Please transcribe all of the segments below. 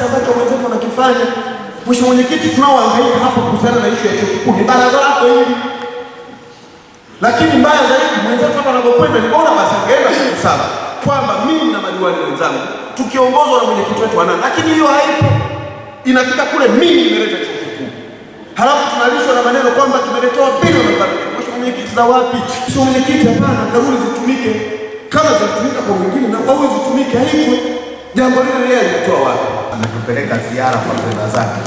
kiasi ambacho wenzetu wanakifanya. Mwisho mwenyekiti, tunaohangaika hapa kuhusiana na ishu ya chuo kikuu ni baraza lako hili, lakini mbaya zaidi mwenzetu hapa anapokwenda ni bora basi angeenda kusaba kwamba mimi na madiwani wenzangu tukiongozwa na mwenyekiti wetu anani, lakini hiyo haipo. Inafika kule mimi nimeleta chuo kikuu, halafu tunalishwa na maneno kwamba tumeletewa bilioni mwisho mwenyekiti, za wapi? Sio mwenyekiti, hapana, kanuni zitumike kama zinatumika kwa mwingine Jambo lile lile alitoa wapi? Ametupeleka ziara kwa fedha zake.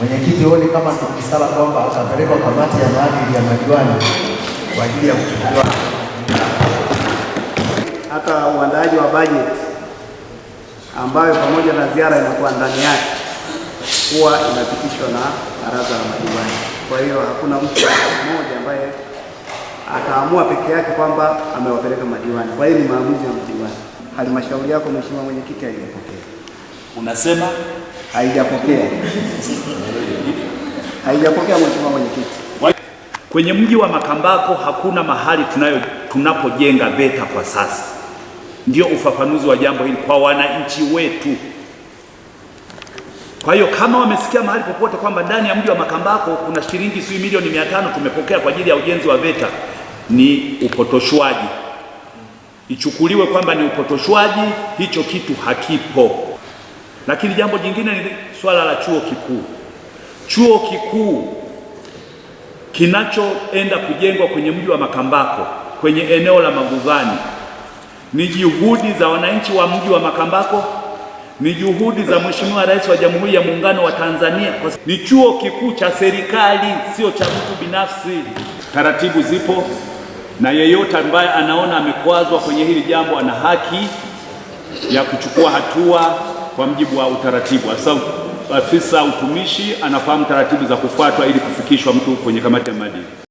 Mwenyekiti huoni kama tukisala kwamba atapelekwa kamati ya maadili ya madiwani kwa ajili ya kuchukua hata uandaaji wa bajeti ambayo pamoja na ziara inakuwa ndani yake huwa inapitishwa na baraza la madiwani. Kwa hiyo hakuna mtu mmoja ambaye ataamua peke yake kwamba amewapeleka madiwani. Kwa hiyo ni maamuzi ya madiwani halmashauri yako mheshimiwa mwenyekiti haijapokea. Unasema haijapokea? haijapokea mheshimiwa mwenyekiti. Kwenye mji wa Makambako hakuna mahali tunayo tunapojenga VETA kwa sasa. Ndio ufafanuzi wa jambo hili kwa wananchi wetu. Kwa hiyo kama wamesikia mahali popote kwamba ndani ya mji wa Makambako kuna shilingi sijui milioni mia tano tumepokea kwa ajili ya ujenzi wa VETA, ni upotoshwaji ichukuliwe kwamba ni upotoshwaji, hicho kitu hakipo. Lakini jambo jingine ni swala la chuo kikuu. Chuo kikuu kinachoenda kujengwa kwenye mji wa Makambako kwenye eneo la Maguvani ni juhudi za wananchi wa mji wa Makambako, ni juhudi za Mheshimiwa Rais wa Jamhuri ya Muungano wa Tanzania. Ni chuo kikuu cha serikali, sio cha mtu binafsi. Taratibu zipo na yeyote ambaye anaona amekwazwa kwenye hili jambo ana haki ya kuchukua hatua kwa mjibu wa utaratibu. Sasa afisa utumishi anafahamu taratibu za kufuatwa ili kufikishwa mtu kwenye kamati ya maadili.